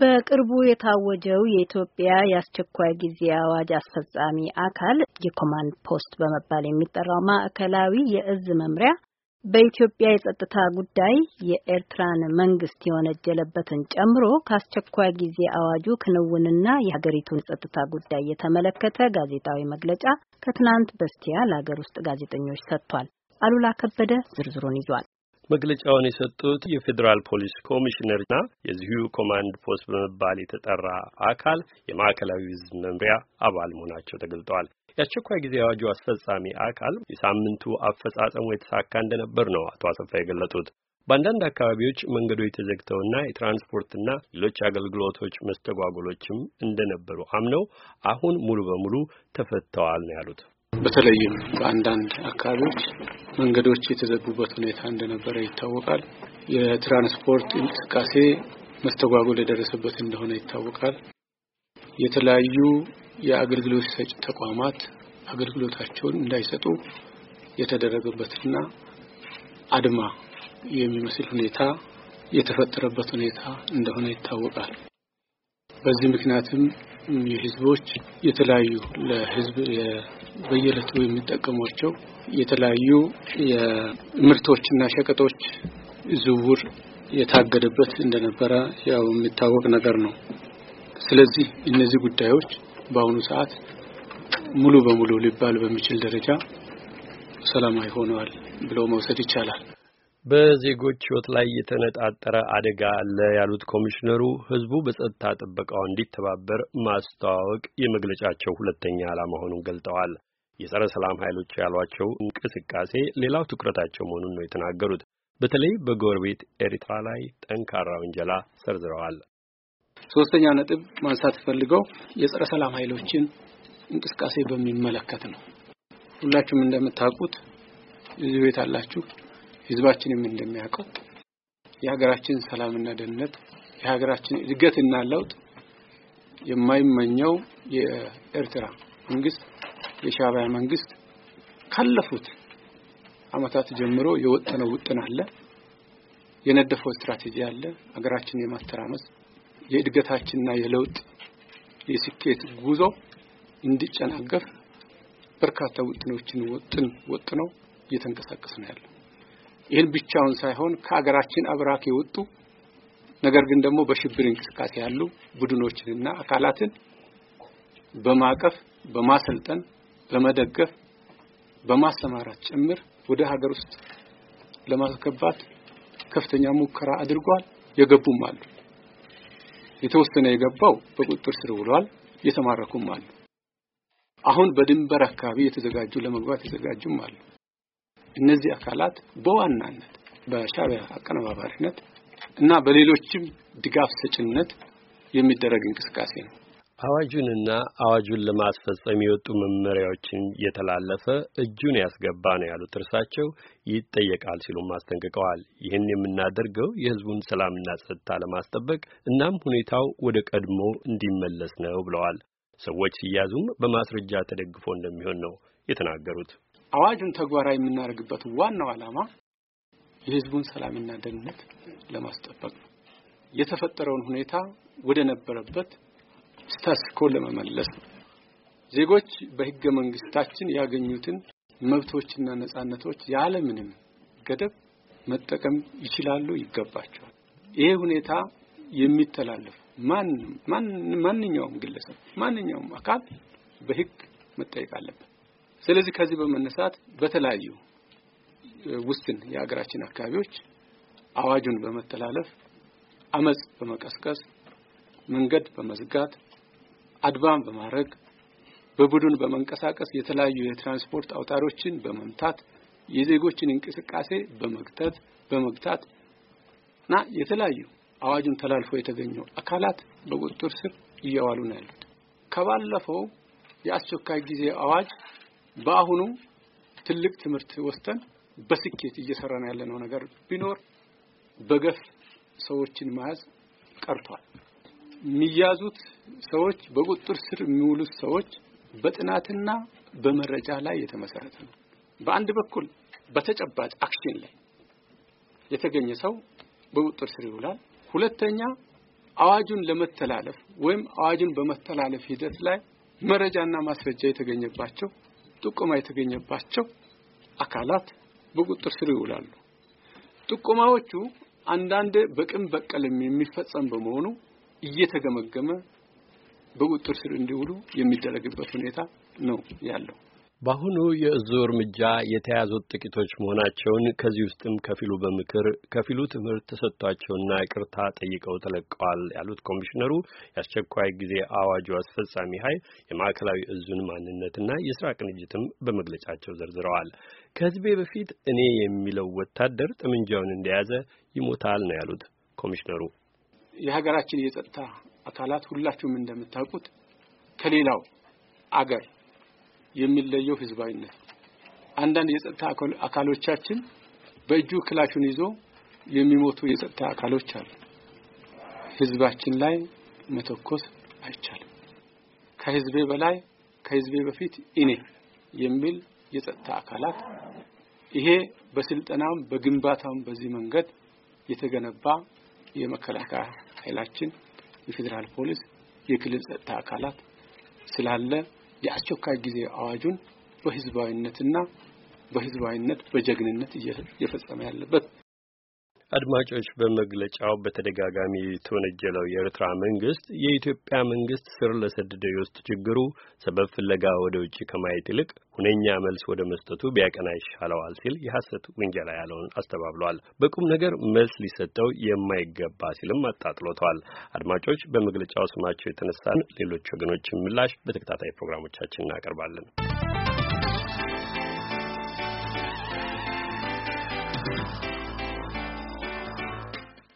በቅርቡ የታወጀው የኢትዮጵያ የአስቸኳይ ጊዜ አዋጅ አስፈጻሚ አካል የኮማንድ ፖስት በመባል የሚጠራው ማዕከላዊ የእዝ መምሪያ በኢትዮጵያ የጸጥታ ጉዳይ የኤርትራን መንግስት የወነጀለበትን ጨምሮ ከአስቸኳይ ጊዜ አዋጁ ክንውንና የሀገሪቱን ጸጥታ ጉዳይ የተመለከተ ጋዜጣዊ መግለጫ ከትናንት በስቲያ ለሀገር ውስጥ ጋዜጠኞች ሰጥቷል። አሉላ ከበደ ዝርዝሩን ይዟል። መግለጫውን የሰጡት የፌዴራል ፖሊስ ኮሚሽነርና የዚሁ ኮማንድ ፖስት በመባል የተጠራ አካል የማዕከላዊ ዕዝ መምሪያ አባል መሆናቸው ተገልጠዋል። የአስቸኳይ ጊዜ አዋጁ አስፈጻሚ አካል የሳምንቱ አፈጻጸሙ የተሳካ እንደነበር ነው አቶ አሰፋ የገለጡት። በአንዳንድ አካባቢዎች መንገዶች ተዘግተውና የትራንስፖርትና ሌሎች አገልግሎቶች መስተጓጎሎችም እንደነበሩ አምነው አሁን ሙሉ በሙሉ ተፈተዋል ነው ያሉት። በተለይም በአንዳንድ አካባቢዎች መንገዶች የተዘጉበት ሁኔታ እንደነበረ ይታወቃል። የትራንስፖርት እንቅስቃሴ መስተጓጎል የደረሰበት እንደሆነ ይታወቃል። የተለያዩ የአገልግሎት ሰጪ ተቋማት አገልግሎታቸውን እንዳይሰጡ የተደረገበትና አድማ የሚመስል ሁኔታ የተፈጠረበት ሁኔታ እንደሆነ ይታወቃል። በዚህ ምክንያትም ህዝቦች የተለያዩ ለህዝብ በየዕለቱ የሚጠቀሟቸው የተለያዩ የምርቶችና ሸቀጦች ዝውውር የታገደበት እንደነበረ ያው የሚታወቅ ነገር ነው። ስለዚህ እነዚህ ጉዳዮች በአሁኑ ሰዓት ሙሉ በሙሉ ሊባል በሚችል ደረጃ ሰላማዊ ሆነዋል ብሎ መውሰድ ይቻላል። በዜጎች ሕይወት ላይ የተነጣጠረ አደጋ አለ ያሉት ኮሚሽነሩ ሕዝቡ በጸጥታ ጥበቃው እንዲተባበር ማስተዋወቅ የመግለጫቸው ሁለተኛ ዓላማ መሆኑን ገልጠዋል። የጸረ ሰላም ኃይሎች ያሏቸው እንቅስቃሴ ሌላው ትኩረታቸው መሆኑን ነው የተናገሩት። በተለይ በጎረቤት ኤርትራ ላይ ጠንካራ ውንጀላ ሰርዝረዋል። ሶስተኛ ነጥብ ማንሳት ፈልገው የጸረ ሰላም ኃይሎችን እንቅስቃሴ በሚመለከት ነው። ሁላችሁም እንደምታውቁት እዚህ ቤት አላችሁ። ምን እንደሚያውቀው የሀገራችን ሰላምና ደህንነት የሀገራችን እድገትና ለውጥ የማይመኘው የኤርትራ መንግስት የሻዕቢያ መንግስት ካለፉት አመታት ጀምሮ የወጠነው ውጥን አለ፣ የነደፈው ስትራቴጂ አለ። ሀገራችን የማተራመስ የእድገታችንና የለውጥ የስኬት ጉዞ እንዲጨናገፍ በርካታ ውጥኖችን ወጥን ወጥነው እየተንቀሳቀስ ነው ያለው። ይህን ብቻውን ሳይሆን ከሀገራችን አብራክ የወጡ ነገር ግን ደግሞ በሽብር እንቅስቃሴ ያሉ ቡድኖችንና አካላትን በማቀፍ በማሰልጠን በመደገፍ በማሰማራት ጭምር ወደ ሀገር ውስጥ ለማስገባት ከፍተኛ ሙከራ አድርጓል። የገቡም አሉ። የተወሰነ የገባው በቁጥጥር ስር ውሏል። የተማረኩም አሉ። አሁን በድንበር አካባቢ የተዘጋጁ ለመግባት የተዘጋጁም አሉ። እነዚህ አካላት በዋናነት በሻቢያ አቀነባባሪነት እና በሌሎችም ድጋፍ ሰጭነት የሚደረግ እንቅስቃሴ ነው። አዋጁንና አዋጁን ለማስፈጸም የወጡ መመሪያዎችን የተላለፈ እጁን ያስገባ ነው ያሉት እርሳቸው ይጠየቃል ሲሉም አስጠንቅቀዋል። ይህን የምናደርገው የሕዝቡን ሰላምና ጸጥታ ለማስጠበቅ እናም ሁኔታው ወደ ቀድሞ እንዲመለስ ነው ብለዋል። ሰዎች ሲያዙም በማስረጃ ተደግፎ እንደሚሆን ነው የተናገሩት። አዋጁን ተግባራዊ የምናደርግበት ዋናው ዓላማ የህዝቡን ሰላምና ደህንነት ለማስጠበቅ ነው። የተፈጠረውን ሁኔታ ወደ ነበረበት ስታስኮ ለመመለስ ነው። ዜጎች በህገ መንግስታችን ያገኙትን መብቶችና ነጻነቶች ያለምንም ገደብ መጠቀም ይችላሉ፣ ይገባቸዋል። ይሄ ሁኔታ የሚተላለፉ ማንም ማንኛውም ግለሰብ ማንኛውም አካል በህግ መጠየቅ አለበት። ስለዚህ ከዚህ በመነሳት በተለያዩ ውስን የሀገራችን አካባቢዎች አዋጁን በመተላለፍ አመጽ በመቀስቀስ መንገድ በመዝጋት አድባን በማድረግ በቡድን በመንቀሳቀስ የተለያዩ የትራንስፖርት አውታሮችን በመምታት የዜጎችን እንቅስቃሴ በመግተት በመግታት እና የተለያዩ አዋጁን ተላልፎ የተገኙ አካላት በቁጥጥር ስር እያዋሉ ነው ያሉት። ከባለፈው የአስቸኳይ ጊዜ አዋጅ በአሁኑ ትልቅ ትምህርት ወስተን በስኬት እየሰራን ያለነው ነገር ቢኖር በገፍ ሰዎችን መያዝ ቀርቷል። የሚያዙት ሰዎች በቁጥር ስር የሚውሉት ሰዎች በጥናትና በመረጃ ላይ የተመሰረተ ነው። በአንድ በኩል በተጨባጭ አክሽን ላይ የተገኘ ሰው በቁጥር ስር ይውላል። ሁለተኛ አዋጁን ለመተላለፍ ወይም አዋጁን በመተላለፍ ሂደት ላይ መረጃና ማስረጃ የተገኘባቸው ጥቆማ የተገኘባቸው አካላት በቁጥር ስር ይውላሉ። ጥቆማዎቹ አንዳንድ በቅን በቀልም የሚፈጸም በመሆኑ እየተገመገመ በቁጥር ስር እንዲውሉ የሚደረግበት ሁኔታ ነው ያለው። በአሁኑ የእዙ እርምጃ የተያዙት ጥቂቶች መሆናቸውን ከዚህ ውስጥም ከፊሉ በምክር ከፊሉ ትምህርት ተሰጥቷቸውና ይቅርታ ጠይቀው ተለቀዋል ያሉት ኮሚሽነሩ የአስቸኳይ ጊዜ አዋጁ አስፈጻሚ ኃይል የማዕከላዊ እዙን ማንነትና የስራ ቅንጅትም በመግለጫቸው ዘርዝረዋል። ከህዝቤ በፊት እኔ የሚለው ወታደር ጠመንጃውን እንደያዘ ይሞታል ነው ያሉት ኮሚሽነሩ። የሀገራችን የጸጥታ አካላት ሁላችሁም እንደምታውቁት ከሌላው አገር የሚለየው ህዝባዊነት። አንዳንድ የጸጥታ አካሎቻችን በእጁ ክላሹን ይዞ የሚሞቱ የጸጥታ አካሎች አሉ። ህዝባችን ላይ መተኮስ አይቻልም። ከህዝቤ በላይ ከህዝቤ በፊት እኔ የሚል የጸጥታ አካላት ይሄ በስልጠናም በግንባታም በዚህ መንገድ የተገነባ የመከላከያ ኃይላችን የፌዴራል ፖሊስ የክልል ጸጥታ አካላት ስላለ የአስቸኳይ ጊዜ አዋጁን በህዝባዊነትና በህዝባዊነት በጀግንነት እየፈጸመ ያለበት አድማጮች በመግለጫው በተደጋጋሚ የተወነጀለው የኤርትራ መንግስት የኢትዮጵያ መንግስት ስር ለሰደደ የውስጥ ችግሩ ሰበብ ፍለጋ ወደ ውጭ ከማየት ይልቅ ሁነኛ መልስ ወደ መስጠቱ ቢያቀና ይሻለዋል ሲል የሐሰት ውንጀላ ያለውን አስተባብሏል። በቁም ነገር መልስ ሊሰጠው የማይገባ ሲልም አጣጥሎተዋል። አድማጮች በመግለጫው ስማቸው የተነሳን ሌሎች ወገኖችን ምላሽ በተከታታይ ፕሮግራሞቻችን እናቀርባለን።